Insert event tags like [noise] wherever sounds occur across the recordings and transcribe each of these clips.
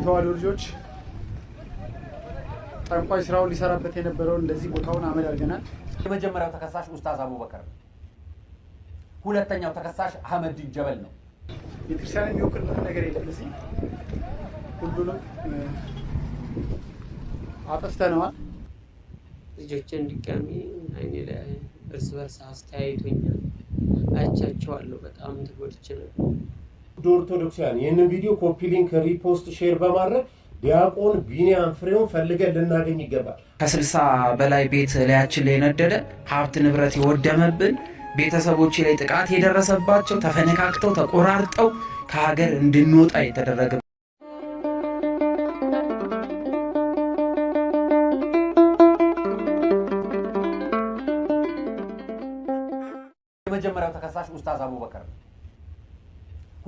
የተዋሉ ልጆች ጠንቋይ ስራውን ሊሰራበት የነበረውን እንደዚህ ቦታውን አመድ አድርገናል። የመጀመሪያው ተከሳሽ ኡስታዝ አቡበከር፣ ነው። ሁለተኛው ተከሳሽ አህመድ ጀበል ነው። ቤተክርስቲያን የሚወክል ነገር የለም እዚህ ሁሉንም አጥፍተነዋል። ልጆችን ድጋሚ አይኔ ላይ እርስ በርስ አስተያየቶኛል። አይቻቸዋለሁ። በጣም ተጎድቼ ነበር። ውድ ኦርቶዶክሳውያን ይህንን ቪዲዮ ኮፒ ሊንክ፣ ሪፖስት፣ ሼር በማድረግ ዲያቆን ቢኒያም ፍሬውን ፈልገን ልናገኝ ይገባል። ከስልሳ በላይ ቤት ላያችን ላይ የነደደ ሀብት ንብረት የወደመብን ቤተሰቦች ላይ ጥቃት የደረሰባቸው ተፈነካክተው ተቆራርጠው ከሀገር እንድንወጣ የተደረገ የመጀመሪያው ተከሳሽ ኡስታዝ አቡበከር ነው።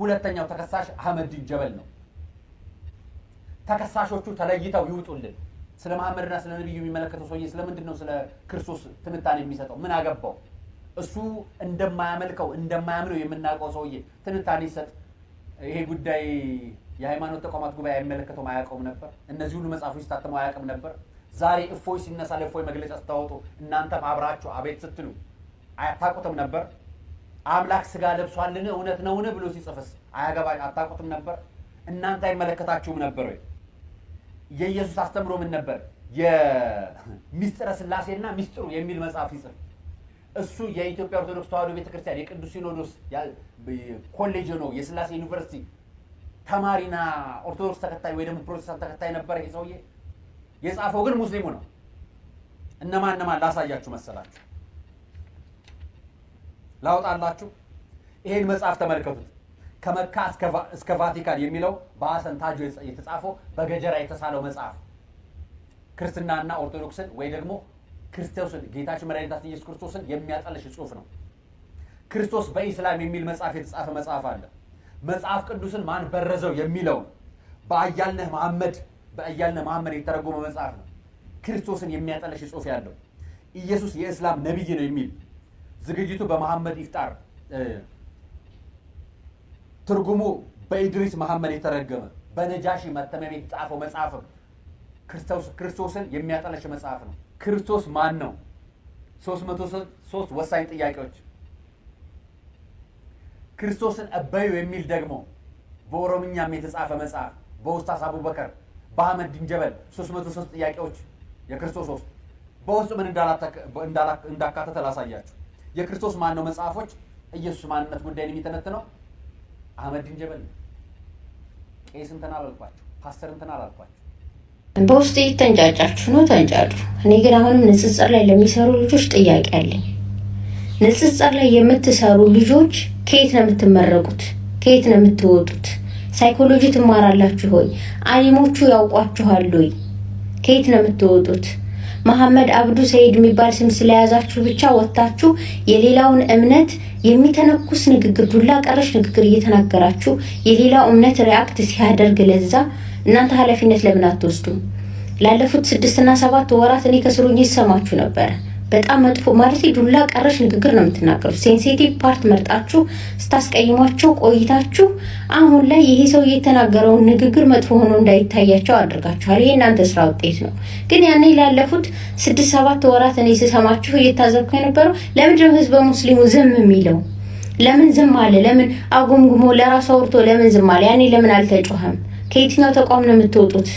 ሁለተኛው ተከሳሽ አህመዲን ጀበል ነው። ተከሳሾቹ ተለይተው ይውጡልን። ስለ መሐመድና ስለ ነቢዩ የሚመለከተው ሰውዬ ስለምንድን ነው ስለ ክርስቶስ ትንታኔ የሚሰጠው? ምን አገባው? እሱ እንደማያመልከው እንደማያምነው የምናውቀው ሰውዬ ትንታኔ ይሰጥ። ይሄ ጉዳይ የሃይማኖት ተቋማት ጉባኤ የሚመለከተውም አያውቀውም ነበር። እነዚህ ሁሉ መጽሐፎች ሲታተሙ አያውቅም ነበር። ዛሬ እፎይ ሲነሳ ለእፎይ መግለጫ ስታወጡ እናንተም አብራችሁ አቤት ስትሉ አያታውቁትም ነበር። አምላክ ስጋ ለብሷልን እውነት ነውን ብሎ ሲጽፍስ አያገባ አታውቁትም ነበር? እናንተ አይመለከታችሁም ነበር ወይ? የኢየሱስ አስተምሮ ምን ነበር? የሚስጥረ ስላሴና ሚስጥሩ የሚል መጽሐፍ ሲጽፍ እሱ የኢትዮጵያ ኦርቶዶክስ ተዋህዶ ቤተክርስቲያን የቅዱስ ሲኖዶስ ኮሌጅ ነው የስላሴ ዩኒቨርሲቲ ተማሪና ኦርቶዶክስ ተከታይ ወይ ደግሞ ፕሮቴስታንት ተከታይ ነበር። ይሄ ሰውዬ የጻፈው ግን ሙስሊሙ ነው። እነማን እነማን ላሳያችሁ መሰላችሁ? ላውጣላችሁ። ይሄን መጽሐፍ ተመልከቱት። ከመካ እስከ ቫቲካን የሚለው በአሰን ታጆ የተጻፈው በገጀራ የተሳለው መጽሐፍ ክርስትናና ኦርቶዶክስን ወይ ደግሞ ክርስቶስን ጌታችን መድኃኒታችን ኢየሱስ ክርስቶስን የሚያጠለሽ ጽሑፍ ነው። ክርስቶስ በኢስላም የሚል መጽሐፍ የተጻፈ መጽሐፍ አለ። መጽሐፍ ቅዱስን ማን በረዘው የሚለውን በአያልነህ መሐመድ በአያልነህ መሐመድ የተረጎመ መጽሐፍ ነው። ክርስቶስን የሚያጠለሽ ጽሑፍ ያለው ኢየሱስ የእስላም ነቢይ ነው የሚል ዝግጅቱ በመሐመድ ኢፍጣር ትርጉሙ በኢድሪስ መሐመድ የተረገመ በነጃሺ መተመም የተጻፈው መጽሐፍ ክርስቶስን የሚያጠለሽ መጽሐፍ ነው። ክርስቶስ ማን ነው? ሶስት ወሳኝ ጥያቄዎች ክርስቶስን እበዩ የሚል ደግሞ በኦሮምኛም የተጻፈ መጽሐፍ በውስታስ አቡበከር በአህመድ ድንጀበል 303 ጥያቄዎች የክርስቶስ ውስጥ በውስጡ ምን እንዳካተተ ላሳያችሁ። የክርስቶስ ማን ነው መጽሐፎች ኢየሱስ ማንነት ጉዳይን የሚተነትነው አህመድን ጀበል ቄስ እንትን አላልኳቸው፣ ፓስተር እንትን አላልኳቸው። በውስጥ እየተንጫጫችሁ ነው፣ ተንጫጩ። እኔ ግን አሁንም ንጽጽር ላይ ለሚሰሩ ልጆች ጥያቄ አለኝ። ንጽጽር ላይ የምትሰሩ ልጆች ከየት ነው የምትመረቁት? ከየት ነው የምትወጡት? ሳይኮሎጂ ትማራላችሁ ሆይ? አሊሞቹ ያውቋችኋል ሆይ? ከየት ነው የምትወጡት? መሐመድ አብዱ ሰይድ የሚባል ስም ስለያዛችሁ ብቻ ወጥታችሁ የሌላውን እምነት የሚተነኩስ ንግግር፣ ዱላ ቀረሽ ንግግር እየተናገራችሁ የሌላው እምነት ሪያክት ሲያደርግ ለዛ እናንተ ኃላፊነት ለምን አትወስዱም? ላለፉት ስድስትና ሰባት ወራት እኔ ከስሩኝ ይሰማችሁ ነበረ። በጣም መጥፎ ማለት ዱላ ቀረሽ ንግግር ነው የምትናገሩት። ሴንሲቲቭ ፓርት መርጣችሁ ስታስቀይሟቸው ቆይታችሁ አሁን ላይ ይሄ ሰው የተናገረውን ንግግር መጥፎ ሆኖ እንዳይታያቸው አድርጋችኋል። ይሄ እናንተ ስራ ውጤት ነው። ግን ያኔ ላለፉት ስድስት ሰባት ወራት እኔ ስሰማችሁ እየታዘብኩ የነበረው ለምንድነው ህዝበ ሙስሊሙ ዝም የሚለው? ለምን ዝም አለ? ለምን አጉምጉሞ ለራሱ አውርቶ ለምን ዝም አለ? ያኔ ለምን አልተጮኸም? ከየትኛው ተቋም ነው የምትወጡት?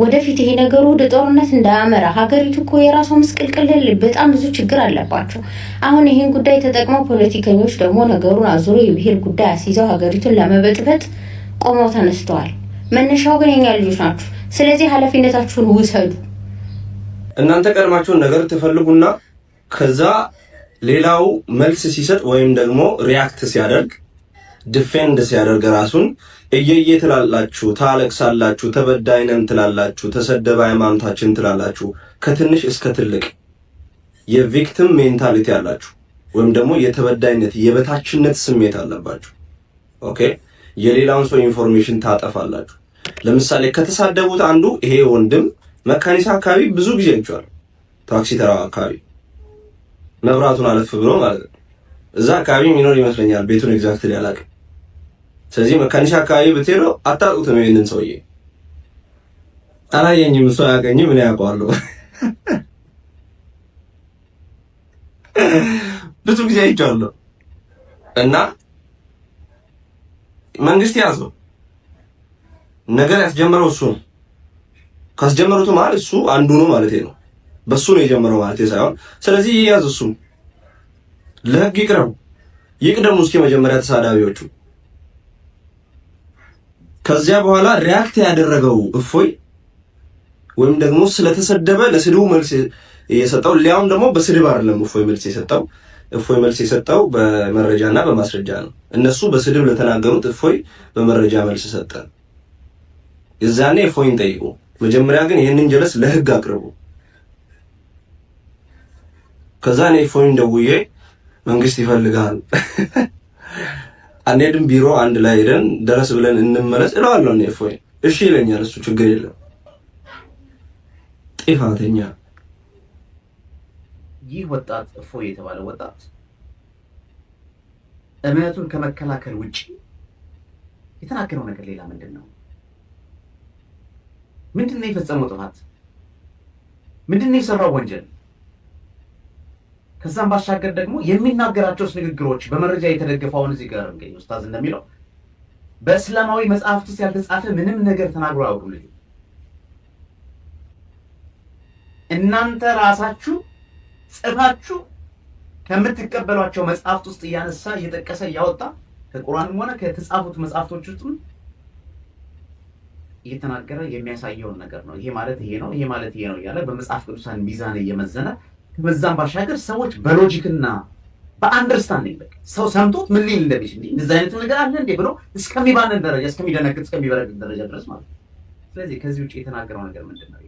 ወደፊት ይሄ ነገሩ ወደ ጦርነት እንዳያመራ ሀገሪቱ እኮ የራሷ ምስቅልቅልል በጣም ብዙ ችግር አለባቸው። አሁን ይህን ጉዳይ ተጠቅመው ፖለቲከኞች ደግሞ ነገሩን አዙሮ የብሄር ጉዳይ አስይዘው ሀገሪቱን ለመበጥበጥ ቆመው ተነስተዋል። መነሻው ግን የኛ ልጆች ናችሁ። ስለዚህ ኃላፊነታችሁን ውሰዱ። እናንተ ቀድማችሁን ነገር ትፈልጉና ከዛ ሌላው መልስ ሲሰጥ ወይም ደግሞ ሪያክት ሲያደርግ ዲፌንድ ሲያደርግ ራሱን እየየ ትላላችሁ፣ ታለቅሳላችሁ፣ ተበዳይነን ትላላችሁ፣ ተሰደበ ሃይማኖታችን ትላላችሁ። ከትንሽ እስከ ትልቅ የቪክቲም ሜንታሊቲ አላችሁ ወይም ደግሞ የተበዳይነት የበታችነት ስሜት አለባችሁ። ኦኬ የሌላውን ሰው ኢንፎርሜሽን ታጠፋላችሁ። ለምሳሌ ከተሳደቡት አንዱ ይሄ ወንድም መካኒሳ አካባቢ ብዙ ጊዜ አይቼዋለሁ። ታክሲ ተራው አካባቢ መብራቱን አለፍ ብሎ ማለት ነው። እዛ አካባቢ ሚኖር ይመስለኛል። ቤቱን ኤግዛክትሊ አላውቅም። ስለዚህ መካኒሻ አካባቢ ብትሄዱ አታውቁትም። ይህንን ሰውዬ አላየኝም፣ እሱ አያውቀኝም፣ ምን አውቀዋለሁ። [laughs] ብዙ ጊዜ አይቼዋለሁ። እና መንግስት ያዘው ነገር ያስጀመረው እሱ ነው። ካስጀመሩት ማለት እሱ አንዱ ነው ማለት ነው። በሱ ነው የጀመረው ማለት ሳይሆን፣ ስለዚህ ይያዝ፣ እሱ ለህግ ይቅረቡ፣ ይቅደሙ እስኪ መጀመሪያ ተሳዳቢዎቹ ከዚያ በኋላ ሪያክት ያደረገው እፎይ ወይም ደግሞ ስለተሰደበ ለስድቡ መልስ የሰጠው ሊያውም ደግሞ በስድብ አይደለም። እፎይ መልስ የሰጠው እፎይ መልስ የሰጠው በመረጃና በማስረጃ ነው። እነሱ በስድብ ለተናገሩት እፎይ በመረጃ መልስ ሰጠ። የዛኔ እፎይን ጠይቁ። መጀመሪያ ግን ይህንን ጀለስ ለህግ አቅርቡ። ከዛ እኔ እፎይን ደውዬ መንግስት ይፈልጋል [laughs] አንሄድም ቢሮ አንድ ላይ ሄደን ደረስ ብለን እንመለስ እለዋለሁ። እኔ እፎይ እሺ ይለኛል። እሱ ችግር የለም ጥፋተኛ። ይህ ወጣት እፎይ የተባለ ወጣት እምነቱን ከመከላከል ውጭ የተናገረው ነገር ሌላ ምንድን ነው? ምንድን ነው የፈጸመው ጥፋት? ምንድን ነው የሰራው ወንጀል? ከዛም ባሻገር ደግሞ የሚናገራቸውስ ንግግሮች በመረጃ የተደገፈውን እዚህ ጋር እንገኝ ኡስታዝ እንደሚለው በእስላማዊ መጽሐፍት ውስጥ ያልተጻፈ ምንም ነገር ተናግሮ አያውቁም። ልጅ እናንተ ራሳችሁ ጽፋችሁ ከምትቀበሏቸው መጽሐፍት ውስጥ እያነሳ እየጠቀሰ እያወጣ ከቁርአንም ሆነ ከተጻፉት መጽሐፍቶች ውስጥ እየተናገረ የሚያሳየውን ነገር ነው። ይሄ ማለት ይሄ ነው፣ ይሄ ማለት ይሄ ነው እያለ በመጽሐፍ ቅዱሳን ሚዛን እየመዘነ ከመዛም ባሻገር ሰዎች በሎጂክና በአንደርስታንድ በቃ ሰው ሰምቶት ምን ሊል እንደሚችል እንደዚህ አይነት ነገር አለ እንዴ ብሎ እስከሚባንን ደረጃ እስከሚደነግጥ እስከሚበረግግ ደረጃ ድረስ ማለት ነው። ስለዚህ ከዚህ ውጭ የተናገረው ነገር ምንድን ነው?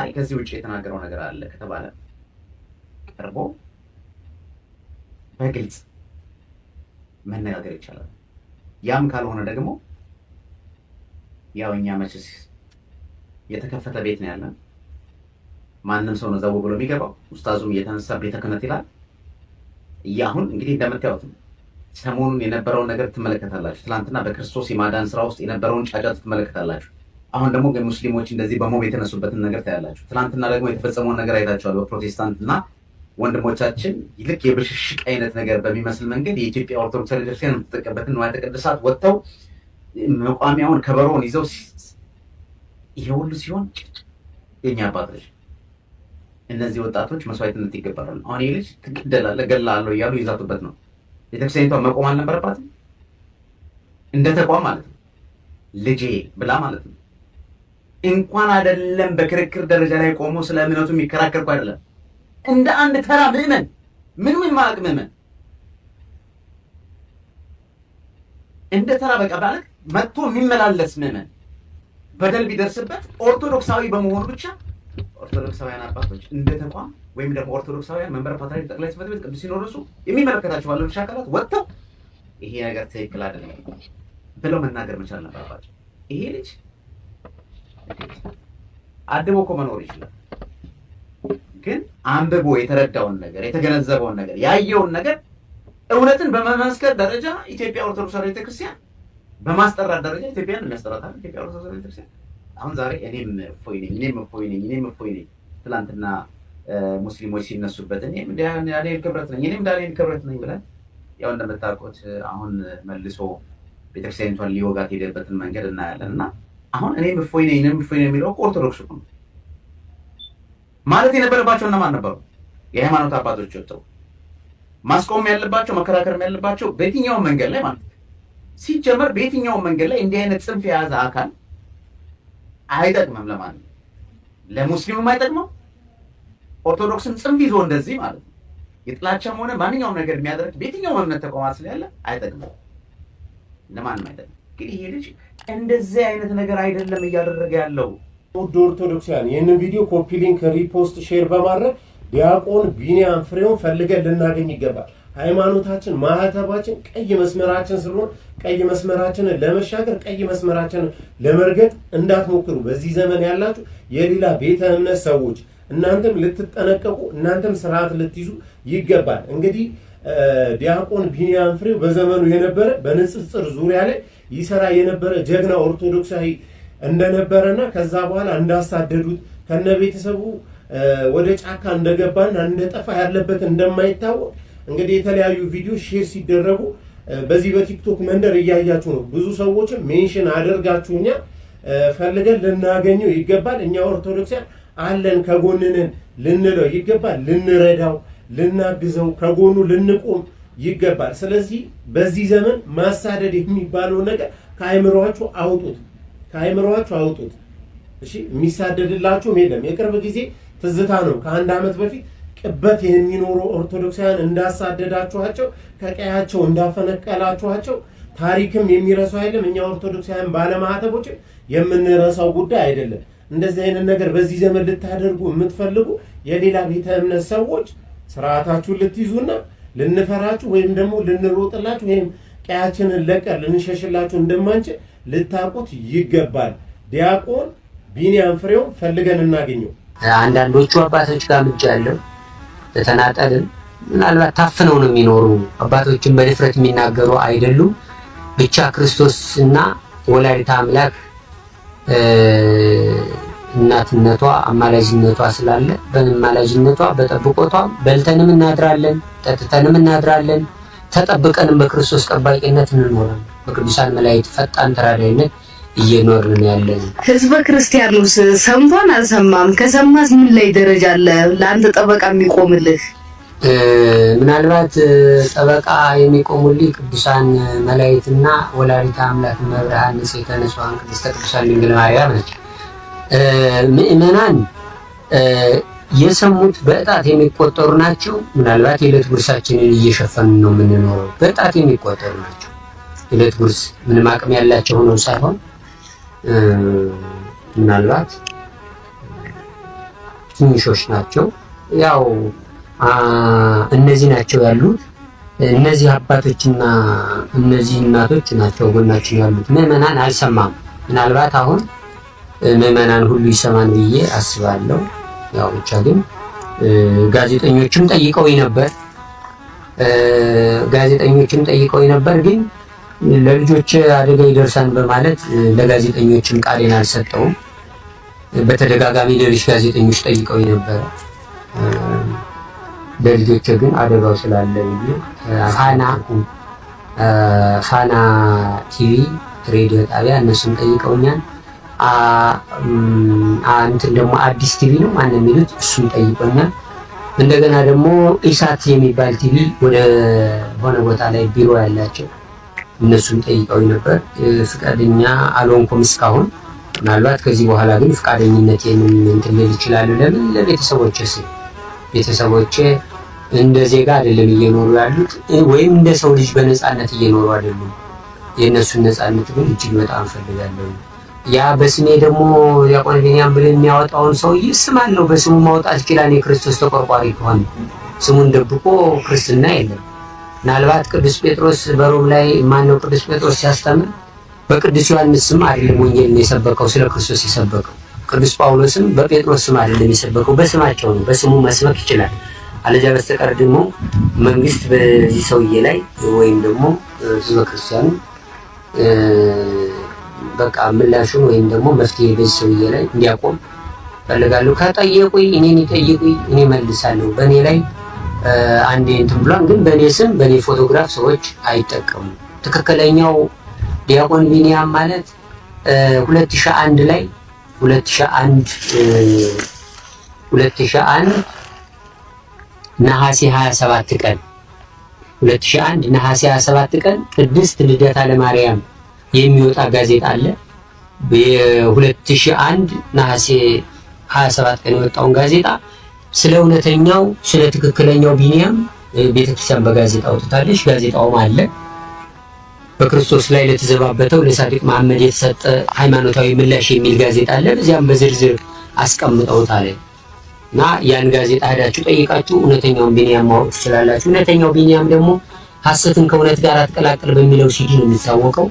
አይ ከዚህ ውጭ የተናገረው ነገር አለ ከተባለ ቀርቦ በግልጽ መነጋገር ይቻላል። ያም ካልሆነ ደግሞ ያው እኛ መቼስ የተከፈተ ቤት ነው ያለን ማንም ሰው ነው ዘው ብሎ የሚገባው። ኡስታዙም እየተነሳ ቤተ ክህነት ይላል። አሁን እንግዲህ እንደምታዩት ሰሞኑን የነበረውን ነገር ትመለከታላችሁ። ትናንትና በክርስቶስ የማዳን ስራ ውስጥ የነበረውን ጫጫት ትመለከታላችሁ። አሁን ደግሞ ግን ሙስሊሞች እንደዚህ በሞብ የተነሱበትን ነገር ታያላችሁ። ትናንትና ደግሞ የተፈጸመውን ነገር አይታችኋል። በፕሮቴስታንትና ወንድሞቻችን ይልቅ የብሽሽቅ አይነት ነገር በሚመስል መንገድ የኢትዮጵያ ኦርቶዶክስ ቤተክርስቲያን የምትጠቀበትን ንዋያተ ቅድሳት ወጥተው መቋሚያውን ከበሮውን ይዘው ይሄ ሁሉ ሲሆን የኛ አባቶች እነዚህ ወጣቶች መስዋዕትነት ይገባታል። አሁን ይህ ልጅ ትገደላለህ፣ እገላለሁ እያሉ ይዛቱበት ነው። ቤተክርስቲያኒቷ መቆም አልነበረባትም? እንደ ተቋም ማለት ነው ልጄ ብላ ማለት ነው። እንኳን አይደለም በክርክር ደረጃ ላይ ቆሞ ስለ እምነቱ የሚከራከርኩ አይደለም እንደ አንድ ተራ ምዕመን ምን ምን ማቅ ምዕመን እንደ ተራ በቃ ባለክ መጥቶ የሚመላለስ ምዕመን በደል ቢደርስበት ኦርቶዶክሳዊ በመሆኑ ብቻ ኦርቶዶክሳውያን አባቶች እንደ ተቋም ወይም ደግሞ ኦርቶዶክሳውያን መንበረ ፓትርያርክ ጠቅላይ ጽሕፈት ቤት ቅዱስ ሲኖዶሱ የሚመለከታቸው ባለድርሻ አካላት ወጥተው ይሄ ነገር ትክክል አይደለም ብለው መናገር መቻል ነበረባቸው። ይሄ ልጅ አድቦ እኮ መኖር ይችላል፣ ግን አንብቦ የተረዳውን ነገር የተገነዘበውን ነገር ያየውን ነገር እውነትን በመመስከር ደረጃ ኢትዮጵያ ኦርቶዶክስ ቤተክርስቲያን በማስጠራት ደረጃ ኢትዮጵያን የሚያስጠራታል ኢትዮጵያ ኦርቶዶክስ ቤተክርስቲያን አሁን ዛሬ እኔም እፎይ ነኝ፣ እኔም እፎይ ነኝ፣ እኔም እፎይ ነኝ። ትላንትና ሙስሊሞች ሲነሱበት እኔም ዳንኤል ክብረት ነኝ፣ እኔም ዳንኤል ክብረት ነኝ ብለን ያው እንደምታውቁት አሁን መልሶ ቤተክርስቲያኒቷን ሊወጋት ሄደበትን መንገድ እናያለን እና አሁን እኔም እፎይ ነኝ፣ እኔም እፎይ ነኝ የሚለው ኦርቶዶክሱ ነው ማለት የነበረባቸው እነማን ነበሩ? የሃይማኖት አባቶች ወጥተው ማስቆም ያለባቸው መከራከርም ያለባቸው በየትኛውም መንገድ ላይ ማለት ሲጀመር በየትኛውም መንገድ ላይ እንዲህ አይነት ጽንፍ የያዘ አካል አይጠቅምም። ለማን ለሙስሊሙም አይጠቅመው፣ ኦርቶዶክስን ጽንፍ ይዞ እንደዚህ ማለት ነው። የጥላቻም ሆነ ማንኛውም ነገር የሚያደርግ በየትኛውም እምነት ተቋማት ስለያለ አይጠቅመው፣ ለማንም አይጠቅም። እንግዲህ ይሄ ልጅ እንደዚህ አይነት ነገር አይደለም እያደረገ ያለው። ውድ ኦርቶዶክሳውያን ይህንን ቪዲዮ ኮፒ ሊንክ፣ ሪፖስት፣ ሼር በማድረግ ዲያቆን ቢኒያም ፍሬውን ፈልገን ልናገኝ ይገባል። ሃይማኖታችን፣ ማህተባችን ቀይ መስመራችን ስለሆነ ቀይ መስመራችንን ለመሻገር ቀይ መስመራችንን ለመርገጥ እንዳትሞክሩ። በዚህ ዘመን ያላችሁ የሌላ ቤተ እምነት ሰዎች እናንተም ልትጠነቀቁ፣ እናንተም ስርዓት ልትይዙ ይገባል። እንግዲህ ዲያቆን ቢኒያም ፍሬው በዘመኑ የነበረ በንጽጽር ዙሪያ ላይ ይሰራ የነበረ ጀግና ኦርቶዶክሳዊ እንደነበረና ከዛ በኋላ እንዳሳደዱት ከነ ቤተሰቡ ወደ ጫካ እንደገባና እንደጠፋ ያለበት እንደማይታወቅ እንግዲህ የተለያዩ ቪዲዮ ሼር ሲደረጉ በዚህ በቲክቶክ መንደር እያያችሁ ነው። ብዙ ሰዎችም ሜንሽን አድርጋችሁ እኛ ፈልገን ልናገኘው ይገባል። እኛ ኦርቶዶክሳን አለን ከጎንንን ልንለው ይገባል። ልንረዳው፣ ልናግዘው፣ ከጎኑ ልንቆም ይገባል። ስለዚህ በዚህ ዘመን ማሳደድ የሚባለውን ነገር ከአይምሯችሁ አውጡት፣ ከአይምሯችሁ አውጡት። እሺ፣ የሚሳደድላችሁም የለም። የቅርብ ጊዜ ትዝታ ነው። ከአንድ ዓመት በፊት በቅርበት የሚኖሩ ኦርቶዶክሳውያን እንዳሳደዳችኋቸው፣ ከቀያቸው እንዳፈነቀላችኋቸው ታሪክም የሚረሳው አይደለም። እኛ ኦርቶዶክሳውያን ባለማተቦች የምንረሳው ጉዳይ አይደለም። እንደዚህ አይነት ነገር በዚህ ዘመን ልታደርጉ የምትፈልጉ የሌላ ቤተ እምነት ሰዎች ስርዓታችሁን ልትይዙና ልንፈራችሁ ወይም ደግሞ ልንሮጥላችሁ ወይም ቀያችንን ለቀር ልንሸሽላችሁ እንደማንችል ልታውቁት ይገባል። ዲያቆን ቢኒያም ፍሬውን ፈልገን እናገኘው። አንዳንዶቹ አባቶች ጋር ምጃ ያለው በተናጠልም ምናልባት ታፍነው ነው የሚኖሩ አባቶችን በድፍረት የሚናገሩ አይደሉም። ብቻ ክርስቶስ እና ወላዲተ አምላክ እናትነቷ አማላጅነቷ ስላለ በአማላጅነቷ በጠብቆቷ በልተንም እናድራለን፣ ጠጥተንም እናድራለን፣ ተጠብቀንም በክርስቶስ ጠባቂነት እንኖራለን። በቅዱሳን መላእክት ፈጣን ተራዳይነት እየኖርን ያለን ህዝበ ክርስቲያኑስ ሰምቷን አልሰማም? ከሰማስ ምን ላይ ደረጃ አለ ለአንተ ጠበቃ የሚቆምልህ? ምናልባት ጠበቃ የሚቆሙልኝ ቅዱሳን መላእክትና ወላዲተ አምላክ መብርሃን ንጽሕተ ንጹሐን ቅድስተ ቅዱሳን ድንግል ማርያም ነች። ምእመናን የሰሙት በእጣት የሚቆጠሩ ናቸው። ምናልባት የዕለት ጉርሳችንን እየሸፈኑ ነው የምንኖረው። በእጣት የሚቆጠሩ ናቸው። የዕለት ጉርስ ምንም አቅም ያላቸው ሆነው ሳይሆን ምናልባት ትንሾች ናቸው። ያው እነዚህ ናቸው ያሉት እነዚህ አባቶችና እነዚህ እናቶች ናቸው ጎናችን ያሉት። ምዕመናን አልሰማም። ምናልባት አሁን ምዕመናን ሁሉ ይሰማን ብዬ አስባለሁ። ያው ብቻ ግን ጋዜጠኞችም ጠይቀው ነበር። ጋዜጠኞችም ጠይቀው ነበር ግን ለልጆች አደጋ ይደርሳል በማለት ለጋዜጠኞችም ቃሌን አልሰጠውም። በተደጋጋሚ ሌሎች ጋዜጠኞች ጠይቀው ነበረ። ለልጆች ግን አደጋው ስላለ ፋና ፋና ቲቪ ሬዲዮ ጣቢያ እነሱም ጠይቀውኛል። እንትን ደግሞ አዲስ ቲቪ ነው ማን የሚሉት እሱም ጠይቀውኛል። እንደገና ደግሞ ኢሳት የሚባል ቲቪ ወደ ሆነ ቦታ ላይ ቢሮ ያላቸው እነሱን ጠይቀው ነበር። ፍቃደኛ አልሆንኩም እስካሁን። ምናልባት ከዚህ በኋላ ግን ፍቃደኝነት እንትን ይችላሉ። ለምን ለቤተሰቦቼ ስል ቤተሰቦቼ እንደ ዜጋ አይደለም እየኖሩ ያሉት፣ ወይም እንደ ሰው ልጅ በነፃነት እየኖሩ አይደሉም። የእነሱን ነፃነት ግን እጅግ በጣም ፈልጋለሁ። ያ በስሜ ደግሞ ዲያቆን ቢንያም ብሎ የሚያወጣውን ሰውዬ ስም አለው። በስሙ ማውጣት ይችላል። የክርስቶስ ተቆርቋሪ ከሆነ ስሙን ደብቆ ክርስትና የለም። ምናልባት ቅዱስ ጴጥሮስ በሮም ላይ ማነው ቅዱስ ጴጥሮስ ሲያስተምር በቅዱስ ዮሐንስ ስም አይደለም ወንጌልን የሰበከው ስለ ክርስቶስ የሰበከው። ቅዱስ ጳውሎስም በጴጥሮስ ስም አይደለም የሰበከው፣ በስማቸው ነው። በስሙ መስበክ ይችላል። አለዚያ በስተቀር ደግሞ መንግስት በዚህ ሰውዬ ላይ ወይም ደግሞ ህዝበ ክርስቲያኑ በቃ ምላሹን ወይም ደግሞ መፍትሄ በዚህ ሰውዬ ላይ እንዲያቆም ፈልጋለሁ። ከጠየቁኝ እኔን ይጠይቁኝ፣ እኔ መልሳለሁ። በእኔ ላይ አንዴ እንትን ብሏል። ግን በእኔ ስም በእኔ ፎቶግራፍ ሰዎች አይጠቀሙም። ትክክለኛው ዲያቆን ቢኒያም ማለት 2001 ላይ 2001 2001 ነሐሴ 27 ቀን 2001 ነሐሴ 27 ቀን ቅድስት ልደታ ለማርያም የሚወጣ ጋዜጣ አለ። የ2001 ነሐሴ 27 ቀን የወጣውን ጋዜጣ ስለ እውነተኛው ስለ ትክክለኛው ቢንያም ቤተክርስቲያን በጋዜጣ አውጥታለች። ጋዜጣውም አለ በክርስቶስ ላይ ለተዘባበተው ለሳዲቅ መሐመድ የተሰጠ ሃይማኖታዊ ምላሽ የሚል ጋዜጣ አለ። በዚያም በዝርዝር አስቀምጠውታል እና ያን ጋዜጣ ሄዳችሁ ጠይቃችሁ እውነተኛውን ቢንያም ማወቅ ትችላላችሁ። እውነተኛው ቢንያም ደግሞ ሐሰትን ከእውነት ጋር አትቀላቀል በሚለው ሲዲ ነው የሚታወቀው።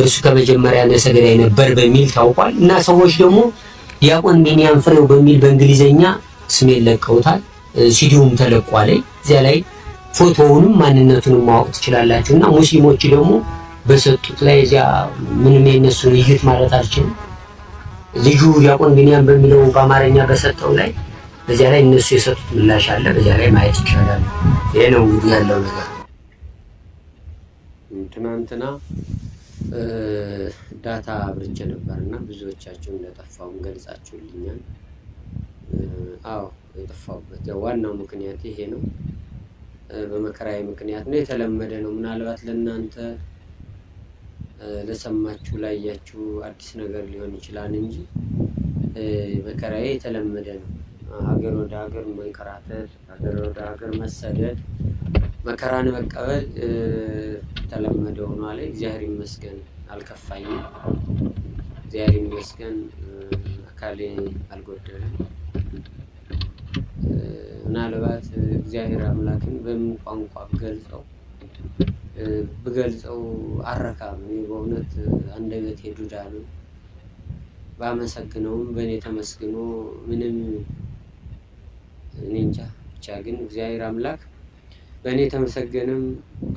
እርሱ ከመጀመሪያ ነሰገዳይ ነበር በሚል ታውቋል። እና ሰዎች ደግሞ ዲያቆን ቢንያም ፍሬው በሚል በእንግሊዝኛ። ስሜን ለቀውታል። ሲዲውም ተለቋ ላይ እዚያ ላይ ፎቶውንም ማንነቱንም ማወቅ ትችላላችሁ። እና ሙስሊሞች ደግሞ በሰጡት ላይ እዚያ ምንም የነሱን እዩት ማለት አልችልም። ልጁ ዲያቆን ቢንያም በሚለው በአማርኛ በሰጠው ላይ በዚያ ላይ እነሱ የሰጡት ምላሽ አለ። በዚያ ላይ ማየት ይቻላል። ይሄ ነው እንግዲህ ያለው ነገር። ትናንትና ዳታ አብርቼ ነበርና ብዙዎቻችሁ እንደጠፋውን ገልጻችሁልኛል። አዎ የጠፋሁበት ዋናው ምክንያት ይሄ ነው። በመከራዬ ምክንያት ነው። የተለመደ ነው። ምናልባት ለእናንተ ለሰማችሁ ላያችሁ አዲስ ነገር ሊሆን ይችላል እንጂ መከራዬ የተለመደ ነው። ሀገር ወደ ሀገር መንከራተት፣ ሀገር ወደ ሀገር መሰደድ፣ መከራን መቀበል የተለመደ ሆኗል። እግዚአብሔር ይመስገን አልከፋኝም። እግዚአብሔር ይመስገን አካሌ አልጎደለም። ምናልባት እግዚአብሔር አምላክን በምን ቋንቋ ብገልጸው ብገልጸው አረካም። እኔ በእውነት አንደበቴ ዱዳ ነው። ባመሰግነውም በእኔ ተመስግኖ ምንም እኔ እንጃ። ብቻ ግን እግዚአብሔር አምላክ በእኔ ተመሰገነም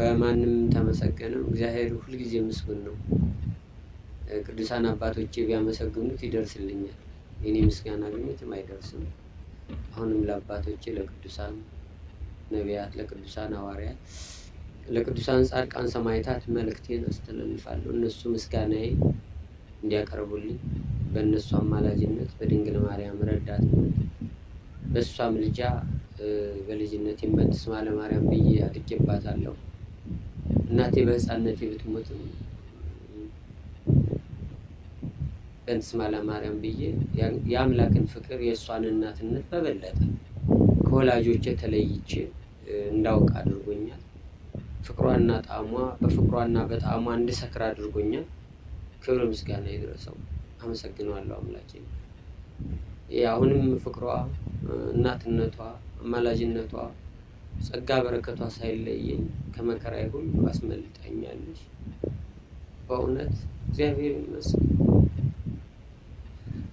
በማንም ተመሰገነም እግዚአብሔር ሁልጊዜ ምስጉን ነው። ቅዱሳን አባቶቼ ቢያመሰግኑት ይደርስልኛል። የኔ ምስጋና ግን የትም አይደርስም። አሁንም ለአባቶቼ ለቅዱሳን ነቢያት፣ ለቅዱሳን ሐዋርያት፣ ለቅዱሳን ጻድቃን ሰማዕታት መልእክቴን አስተላልፋለሁ። እነሱ ምስጋናዬ እንዲያቀርቡልኝ በእነሱ አማላጅነት በድንግል ማርያም ረዳትነት በእሷም ልጃ በልጅነት የመድስ ማለማርያም ብዬ አድጌባታለሁ። እናቴ በህፃነት ብትሞትም በእንስማ ለማርያም ብዬ የአምላክን ፍቅር የእሷን እናትነት በበለጠ ከወላጆቼ ተለይቼ እንዳውቅ አድርጎኛል። ፍቅሯና ጣዕሟ በፍቅሯና በጣዕሟ እንድሰክር አድርጎኛል። ክብር ምስጋና ይድረሰው። አመሰግነዋለሁ አምላኬ። አሁንም ፍቅሯ፣ እናትነቷ፣ አማላጅነቷ፣ ጸጋ በረከቷ ሳይለየኝ ከመከራ ሁሉ አስመልጣኛለች። በእውነት እግዚአብሔር ይመስገን።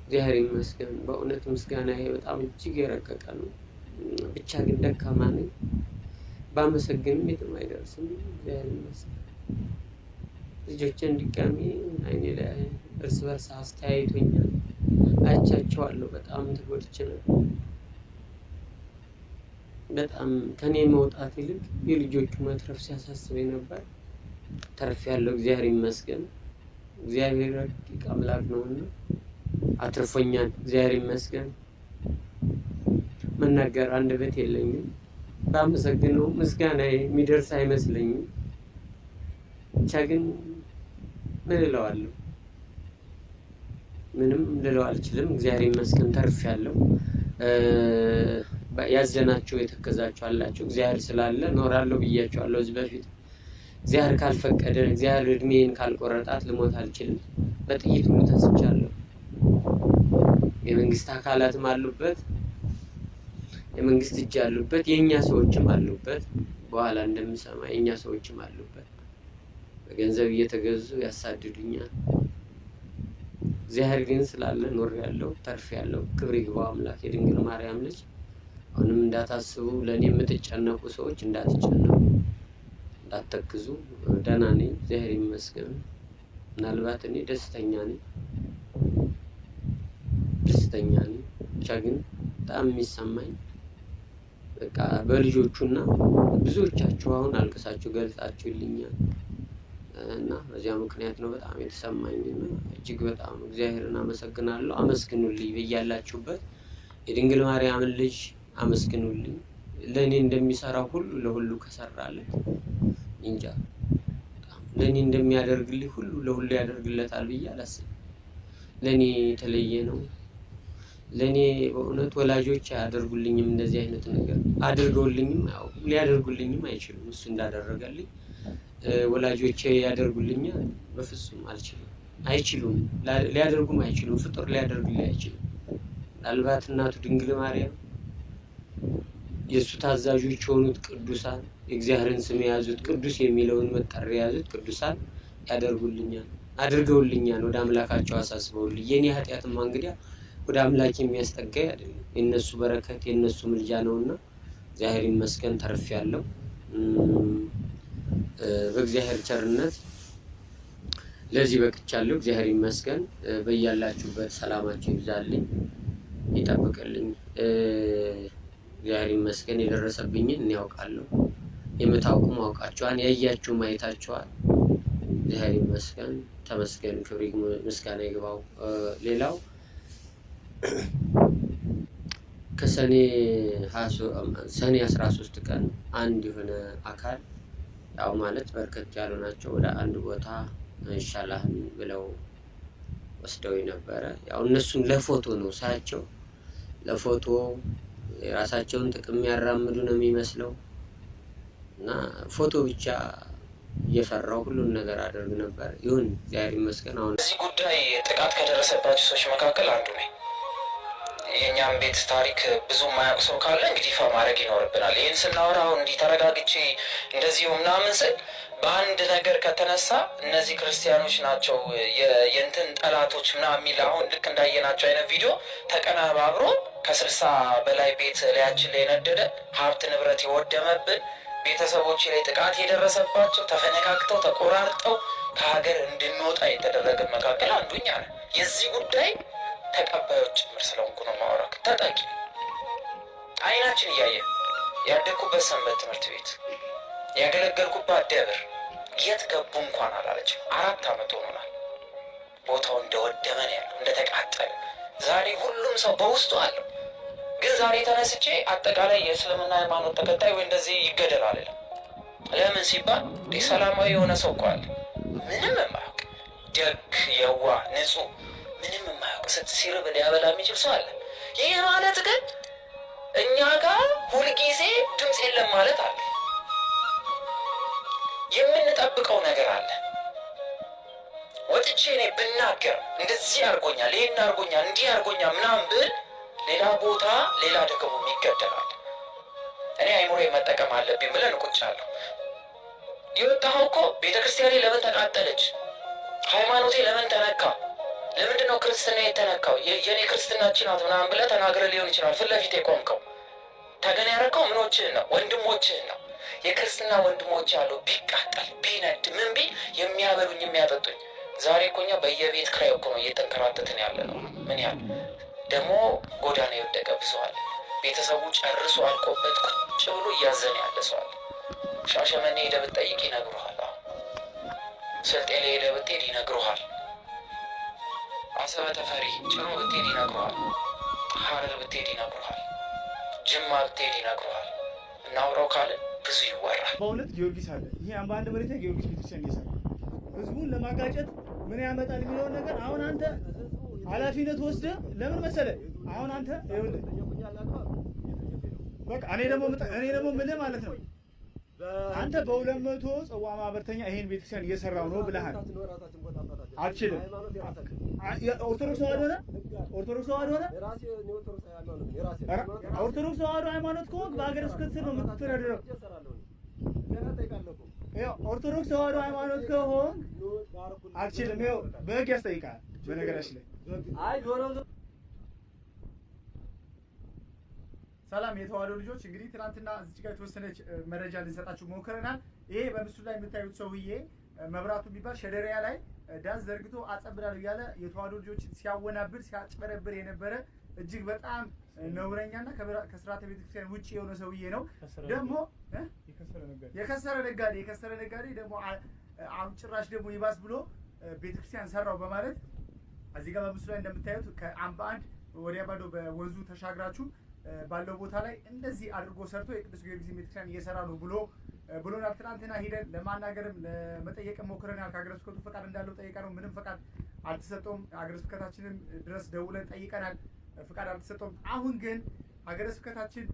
እግዚአብሔር ይመስገን። በእውነት ምስጋና ይሄ በጣም እጅግ የረቀቀ ነው። ብቻ ግን ደካማ ነኝ። ባመሰግንም የትም አይደርስም። እግዚአብሔር ይመስገን። ልጆችን ድጋሚ አይኔ ላይ እርስ በርስ አስተያየቶኛል። አይቻቸዋለሁ። በጣም ተጎድቼ ነበር። በጣም ከኔ መውጣት ይልቅ የልጆቹ መትረፍ ሲያሳስብ ነበር። ተርፌያለሁ። እግዚአብሔር ይመስገን። እግዚአብሔር ረቂቅ አምላክ ነውና አትርፎኛል። እግዚአብሔር ይመስገን። መናገር አንድ አንደበት የለኝም። ባመሰግነው ምስጋና የሚደርስ አይመስለኝም። ብቻ ግን ምን እለዋለሁ? ምንም ልለው አልችልም። እግዚአብሔር ይመስገን ተርፍ ያለው ያዘናቸው የተከዛቸው አላቸው። እግዚአብሔር ስላለ እኖራለሁ ብያቸዋለሁ እዚህ በፊት። እግዚአብሔር ካልፈቀደ፣ እግዚአብሔር እድሜን ካልቆረጣት ልሞት አልችልም። በጥይት ሙተስቻለሁ። የመንግስት አካላትም አሉበት፣ የመንግስት እጅ አሉበት፣ የእኛ ሰዎችም አሉበት። በኋላ እንደምሰማ የእኛ ሰዎችም አሉበት። በገንዘብ እየተገዙ ያሳድዱኛል። እግዚአብሔር ግን ስላለ ኖር ያለው ተርፍ ያለው ክብር ይግባው አምላክ የድንግል ማርያም ልጅ። አሁንም እንዳታስቡ ለእኔ የምትጨነቁ ሰዎች እንዳትጨነቁ፣ እንዳትተክዙ። ደህና ነኝ፣ እግዚአብሔር ይመስገን። ምናልባት እኔ ደስተኛ ነኝ። ደስተኛ ብቻ ግን በጣም የሚሰማኝ በቃ በልጆቹና ብዙዎቻችሁ አሁን አልቅሳችሁ ገልጻችሁልኛል እና በዚያ ምክንያት ነው በጣም የተሰማኝ እና እጅግ በጣም እግዚአብሔርን አመሰግናለሁ። አመስግኑልኝ ብያላችሁበት የድንግል ማርያምን ልጅ አመስግኑልኝ። ለእኔ እንደሚሰራ ሁሉ ለሁሉ ከሰራለት እንጃ ለእኔ እንደሚያደርግልኝ ሁሉ ለሁሉ ያደርግለታል ብዬ አላስብም። ለእኔ የተለየ ነው። ለእኔ በእውነት ወላጆች አያደርጉልኝም፣ እንደዚህ አይነት ነገር አድርገውልኝም ሊያደርጉልኝም አይችሉም። እሱ እንዳደረገልኝ ወላጆች ያደርጉልኛል፣ በፍጹም አልችልም፣ አይችሉም፣ ሊያደርጉም አይችሉም። ፍጡር ሊያደርግልኝ አይችልም። ምናልባት እናቱ ድንግል ማርያም፣ የእሱ ታዛዦች የሆኑት ቅዱሳን፣ የእግዚአብሔርን ስም የያዙት ቅዱስ የሚለውን መጠሪያ የያዙት ቅዱሳን ያደርጉልኛል፣ አድርገውልኛል፣ ወደ አምላካቸው አሳስበውልኝ የኔ ኃጢአትማ እንግዲያ ወደ አምላክ የሚያስጠጋኝ አይደለም። የእነሱ በረከት የእነሱ ምልጃ እና እግዚአብሔር ይመስገን ተርፍ ያለው በእግዚአብሔር ቸርነት ለዚህ በቅቻለሁ። እግዚአብሔር ይመስገን። በያላችሁበት ሰላማችሁ ይብዛልኝ፣ ይጠብቅልኝ። እግዚአብሔር ይመስገን። የደረሰብኝን እኔ ያውቃለሁ፣ የምታውቁ ማውቃችኋል፣ ያያችሁ ማየታችኋል። እግዚአብሔር ይመስገን። ተመስገን። ክብሪ ምስጋና ይግባው። ሌላው ከሰኔ ሰኔ አስራ ሶስት ቀን አንድ የሆነ አካል ያው ማለት በርከት ያሉ ናቸው ወደ አንድ ቦታ ይሻላህን ብለው ወስደው ነበረ። ያው እነሱን ለፎቶ ነው ሳያቸው፣ ለፎቶ የራሳቸውን ጥቅም ያራምዱ ነው የሚመስለው እና ፎቶ ብቻ እየፈራው ሁሉን ነገር አደርግ ነበር። ይሁን እግዚአብሔር ይመስገን። አሁን እዚህ ጉዳይ ጥቃት ከደረሰባቸው ሰዎች መካከል አንዱ ነኝ። የእኛም ቤት ታሪክ ብዙ ማያውቅ ሰው ካለ እንግዲህ ይፋ ማድረግ ይኖርብናል። ይህን ስናወራ አሁን እንዲህ ተረጋግቼ እንደዚሁ ምናምን ስል በአንድ ነገር ከተነሳ እነዚህ ክርስቲያኖች ናቸው የእንትን ጠላቶች ምናምን የሚል አሁን ልክ እንዳየናቸው አይነት ቪዲዮ ተቀነባብሮ ከስልሳ በላይ ቤት ላያችን ላይ የነደደ ሀብት ንብረት የወደመብን ቤተሰቦች ላይ ጥቃት የደረሰባቸው ተፈነካክተው ተቆራርጠው ከሀገር እንድንወጣ የተደረገ መካከል አንዱኛ ነው የዚህ ጉዳይ ተቀባዮች ጭምር ስለ ታጣቂ አይናችን እያየ ያደግኩበት ሰንበት ትምህርት ቤት ያገለገልኩባት ደብር የት ገቡ እንኳን አላለች። አራት ዓመት ሆኖናል። ቦታው እንደወደመ ነው ያለው፣ እንደተቃጠለ። ዛሬ ሁሉም ሰው በውስጡ አለው። ግን ዛሬ ተነስቼ አጠቃላይ የእስልምና ሃይማኖት ተከታይ ወይ እንደዚህ ይገደል አልልም። ለምን ሲባል ሰላማዊ የሆነ ሰው እኮ አለ፣ ምንም የማያውቅ ደግ፣ የዋ፣ ንጹህ፣ ምንም የማያውቅ ስት ሲርብ ሊያበላ የሚችል ሰው አለን። ይህ ማለት ግን እኛ ጋር ሁልጊዜ ድምፅ የለም ማለት አለ። የምንጠብቀው ነገር አለ። ወጥቼ እኔ ብናገር እንደዚህ አርጎኛል፣ ይህን አርጎኛል፣ እንዲህ አርጎኛል ምናምን ብል ሌላ ቦታ ሌላ ደግሞ ይገደላል። እኔ አይምሮ መጠቀም አለብኝ ብለን እቁጫለሁ። የወጣኸው እኮ ቤተ ክርስቲያኔ ለምን ተቃጠለች፣ ሃይማኖቴ ለምን ተነካ ለምንድን ነው ክርስትና የተነካው? የእኔ ክርስትናችን እቺ ናት ምናምን ብለህ ተናግረህ ሊሆን ይችላል። ፊት ለፊት የቆምከው ተገን ያደረከው ምኖችህን ነው? ወንድሞችህን ነው። የክርስትና ወንድሞች አሉ። ቢቃጠል ቢነድ ምን ቢል የሚያበሉኝ የሚያጠጡኝ። ዛሬ እኮ እኛ በየቤት ክራይ እኮ ነው እየተንከራተትን ያለ ነው። ምን ያህል ደግሞ ጎዳና የወደቀ ብሰዋል። ቤተሰቡ ጨርሶ አልቆበት ቁጭ ብሎ እያዘን ያለ ሰዋል። ሻሸመኔ ሄደህ ብትጠይቅ ይነግሩሃል። አሁን ስልጤ ላይ ሄደህ ብትሄድ ይነግሩሃል። አሰበ ተፈሪ፣ ጭሮ ብትሄድ ይነግረዋል። ሀረር ብትሄድ ይነግረዋል። ጅማ ብትሄድ ይነግረዋል። እናውራው ካለ ብዙ ይወራል። በእውነት ጊዮርጊስ አለ። ይሄ በአንድ መሬት ላይ ጊዮርጊስ ቤተክርስቲያን እየሰራ ህዝቡን ለማጋጨት ምን ያመጣል የሚለውን ነገር አሁን አንተ ኃላፊነት ወስደ ለምን መሰለ አሁን አንተ በቃ እኔ ደግሞ እኔ ደግሞ ምን ማለት ነው አንተ በሁለት መቶ ጽዋ ማህበርተኛ ይሄን ቤተክርስቲያን እየሰራው ነው ብለሃል። አትችልም ኦርቶዶክስ ተዋህዶ ሃይማኖት ከሆንክ በሀገረ ስብከት ስር ነው የምትተዳደረው። ኦርቶዶክስ ተዋህዶ ሃይማኖት ከሆንክ አልችልም። ይኸው በህግ ያስጠይቃል። በነገራችን ላይ ሰላም የተዋህዶ ልጆች፣ እንግዲህ ትናንትና እዚህ ጋር የተወሰነች መረጃ ልንሰጣችሁ ሞክረናል። ይሄ በምስሉ ላይ የምታዩት ሰውዬ መብራቱ የሚባል ሸደሪያ ላይ ዳስ ዘርግቶ አጸብራለሁ እያለ የተዋዶ ልጆችን ሲያወናብድ ሲያጭበረብር የነበረ እጅግ በጣም ነውረኛና ከስርዓተ ቤተክርስቲያን ውጭ የሆነ ሰውዬ ነው። ደግሞ የከሰረ ነጋዴ የከሰረ ነጋዴ ደግሞ ጭራሽ ደግሞ ይባስ ብሎ ቤተክርስቲያን ሰራው በማለት እዚህ ጋር በምስሉ ላይ እንደምታዩት ከአምባ አንድ ወዲያ ባዶ በወንዙ ተሻግራችሁ ባለው ቦታ ላይ እንደዚህ አድርጎ ሰርቶ የቅዱስ ጊዮርጊስ ቤተክርስቲያን እየሰራ ነው ብሎ ብሎናል። ትናንትና ሂደን ለማናገርም ለመጠየቅም ሞክረናል። ከሀገረ ስብከቱ ፈቃድ እንዳለው ጠይቀነው ምንም ፈቃድ አልተሰጠውም። ሀገረ ስብከታችንን ድረስ ደውለን ጠይቀናል። ፈቃድ አልተሰጠውም። አሁን ግን ሀገረ ስብከታችን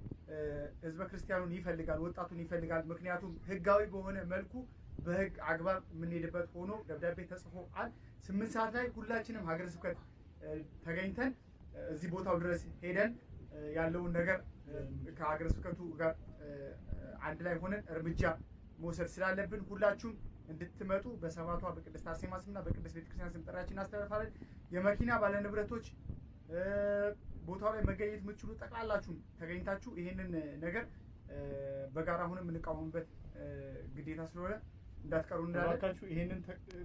ህዝበ ክርስቲያኑን ይፈልጋል፣ ወጣቱን ይፈልጋል። ምክንያቱም ህጋዊ በሆነ መልኩ በህግ አግባብ የምንሄድበት ሆኖ ደብዳቤ ተጽፎ አል ስምንት ሰዓት ላይ ሁላችንም ሀገረ ስብከት ተገኝተን እዚህ ቦታው ድረስ ሄደን ያለውን ነገር ከሀገረ ስብከቱ ጋር አንድ ላይ ሆነን እርምጃ መውሰድ ስላለብን ሁላችሁም እንድትመጡ በሰባቷ በቅድስት አርሴማ ስምና በቅድስት ቤተክርስቲያን ስም ጥሪያችን እናስተላልፋለን። የመኪና ባለንብረቶች ቦታው ላይ መገኘት የምትችሉ ጠቅላላችሁም ተገኝታችሁ ይሄንን ነገር በጋራ አሁንም የምንቃወምበት ግዴታ ስለሆነ እንዳትቀሩ እንዳላችሁ ይሄንን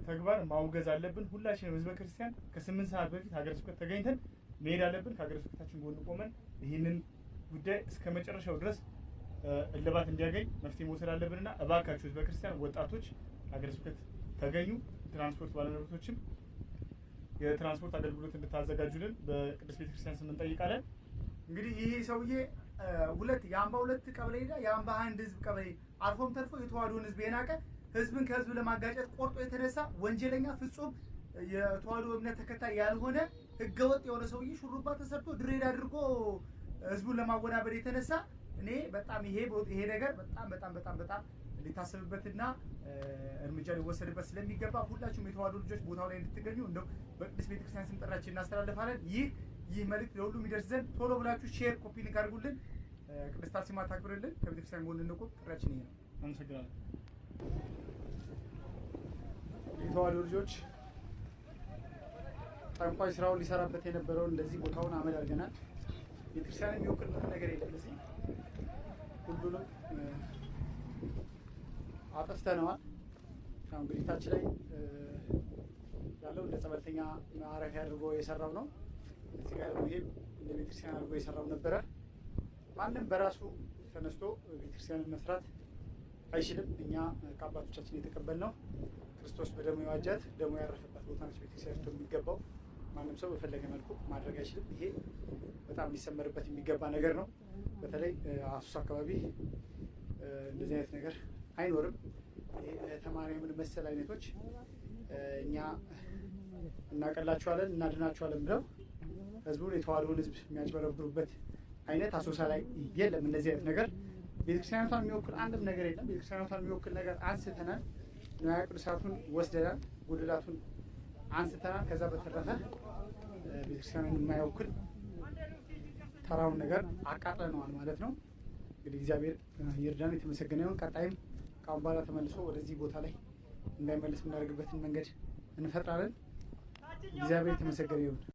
ተግባር ማውገዝ አለብን። ሁላችንም ህዝበ ክርስቲያን ከስምንት ሰዓት በፊት ሀገረ ስብከት ተገኝተን መሄድ አለብን። ከሀገረ ስብከታችን ጎን ቆመን ይህንን ጉዳይ እስከ መጨረሻው ድረስ እልባት እንዲያገኝ መፍትሄ መውሰድ አለብንና እባካችሁ ህዝበ ክርስቲያን ወጣቶች ሀገረ ስብከት ተገኙ። ትራንስፖርት ባለንብረቶችም የትራንስፖርት አገልግሎት እንድታዘጋጁልን በቅዱስ ቤተክርስቲያን ስም እንጠይቃለን። እንግዲህ ይሄ ሰውዬ ሁለት የአምባ ሁለት ቀበሌ የአምባ አንድ ህዝብ ቀበሌ አልፎም ተርፎ የተዋህዶን ህዝብ የናቀ ህዝብን ከህዝብ ለማጋጨት ቆርጦ የተነሳ ወንጀለኛ ፍጹም የተዋህዶ እምነት ተከታይ ያልሆነ ህገወጥ የሆነ ሰውዬ ሹሩባ ተሰርቶ ድሬዳ አድርጎ ህዝቡን ለማወናበድ የተነሳ እኔ በጣም ይሄ ይሄ ነገር በጣም በጣም በጣም በጣም ሊታሰብበትና እርምጃ ሊወሰድበት ስለሚገባ ሁላችሁም የተዋሕዶ ልጆች ቦታው ላይ እንድትገኙ እንደው በቅድስት ቤተክርስቲያን ስም ጥሪያችን እናስተላልፋለን። ይህ ይህ መልእክት ለሁሉም ይደርስ ዘንድ ቶሎ ብላችሁ ሼር፣ ኮፒ ሊንክ አድርጉልን። ቅድስት አርሴማ ታክብርልን። ከቤተክርስቲያን ጎን እንቁም። ጥሪያችን ይሄ ነው። አመሰግናለሁ። የተዋሕዶ ልጆች ጠንቋይ ስራውን ሊሰራበት የነበረውን እንደዚህ ቦታውን አመድ አድርገናል። ቤተክርስቲያን የሚወክል ነገር የለም እዚህ ሁሉንም አጠፍተነዋል። እንግዲህ ታች ላይ ያለው እንደ ጸበልተኛ ማረፊያ አድርጎ የሰራው ነው። እዚህ ጋር ደግሞ እንደ ቤተክርስቲያን አድርጎ የሰራው ነበረ። ማንም በራሱ ተነስቶ ቤተክርስቲያንን መስራት አይችልም። እኛ ከአባቶቻችን የተቀበልነው ክርስቶስ በደሙ የዋጃት ደሙ ያረፈባት ቦታ ነች ቤተክርስቲያን የሚገባው ማንም ሰው በፈለገ መልኩ ማድረግ አይችልም። ይሄ በጣም ሊሰመርበት የሚገባ ነገር ነው። በተለይ አሱስ አካባቢ እንደዚህ አይነት ነገር አይኖርም። ተማሪምን መሰል አይነቶች እኛ እናቀላቸዋለን እናድናችኋለን ብለው ህዝቡን የተዋህዶውን ህዝብ የሚያጭበረብሩበት አይነት አሶሳ ላይ የለም። እንደዚህ አይነት ነገር ቤተክርስቲያኗቷን የሚወክል አንድም ነገር የለም። ቤተክርስቲያኗቷን የሚወክል ነገር አንስተናል። ንዋየ ቅዱሳቱን ወስደናል። ጉድላቱን አንስተናል። ከዛ በተረፈ ቤተክርስቲያንን የማይወክል ተራውን ነገር አቃጥለነዋል ማለት ነው። እንግዲህ እግዚአብሔር ይርዳን፣ የተመሰገነ ይሁን። ቀጣይም ካሁን በኋላ ተመልሶ ወደዚህ ቦታ ላይ እንዳይመለስ የምናደርግበትን መንገድ እንፈጥራለን። እግዚአብሔር የተመሰገነ ይሁን።